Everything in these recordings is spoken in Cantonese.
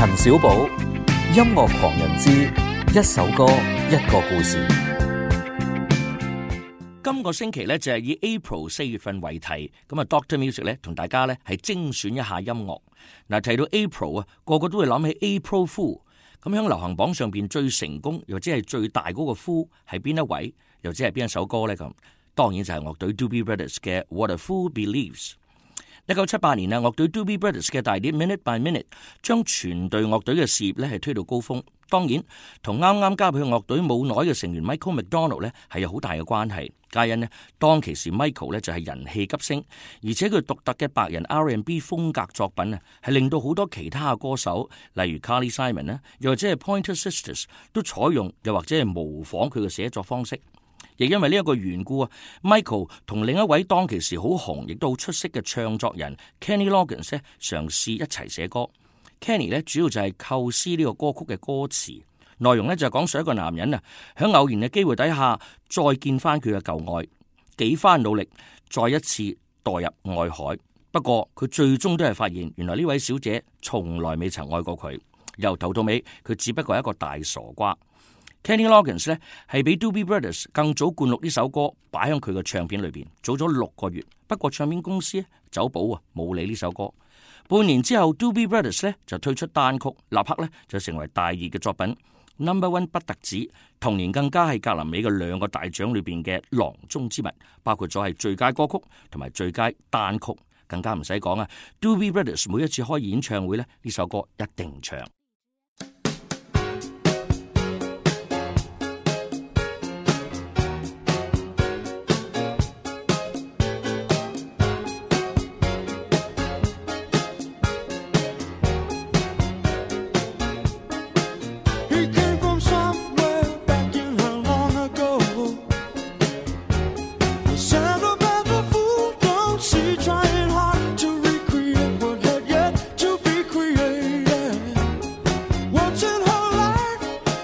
陳少寶，音樂狂人之一首歌一個故事。今個星期咧就係、是、以 April 四月份為題，咁啊 Doctor Music 咧同大家咧係精選一下音樂。嗱提到 April 啊，個個都會諗起 April Fool。咁響流行榜上邊最成功又或者係最大嗰個 Fool 係邊一位，又或者係邊一首歌咧咁？當然就係樂隊 Doobie Brothers 嘅 What a Fool Believes。一九七八年啊，樂隊 Doobie Brothers 嘅大碟 Minute by Minute 將全隊樂隊嘅事業咧係推到高峰。當然，同啱啱加入去樂隊冇耐嘅成員 Michael McDonald 咧係有好大嘅關係。皆因咧當其時 Michael 咧就係人氣急升，而且佢獨特嘅白人 R&B 風格作品啊係令到好多其他嘅歌手，例如 Carly Simon 咧，又或者係 Pointer Sisters 都採用又或者係模仿佢嘅寫作方式。亦因為呢一個緣故啊，Michael 同另一位當其時好紅亦都好出色嘅唱作人 Kenny Loggins 咧，Kenny Loggins，嘗試一齊寫歌。Kenny 咧主要就係構思呢個歌曲嘅歌詞內容咧，就係講述一個男人啊，喺偶然嘅機會底下再見翻佢嘅舊愛，幾番努力，再一次墮入愛海。不過佢最終都係發現，原來呢位小姐從來未曾愛過佢，由頭到尾佢只不過係一個大傻瓜。Kenny Loggins 咧係比 Doobie Brothers 更早灌錄呢首歌，擺喺佢嘅唱片裏邊，早咗六個月。不過唱片公司走寶啊，冇理呢首歌。半年之後，Doobie Brothers 咧就推出單曲，立刻咧就成為大熱嘅作品。Number One 不特止，同年更加係格林美嘅兩個大獎裏邊嘅囊中之物，包括咗係最佳歌曲同埋最佳單曲。更加唔使講啊，Doobie Brothers 每一次開演唱會咧，呢首歌一定唱。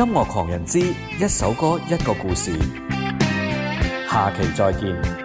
音樂狂人之一首歌一個故事，下期再見。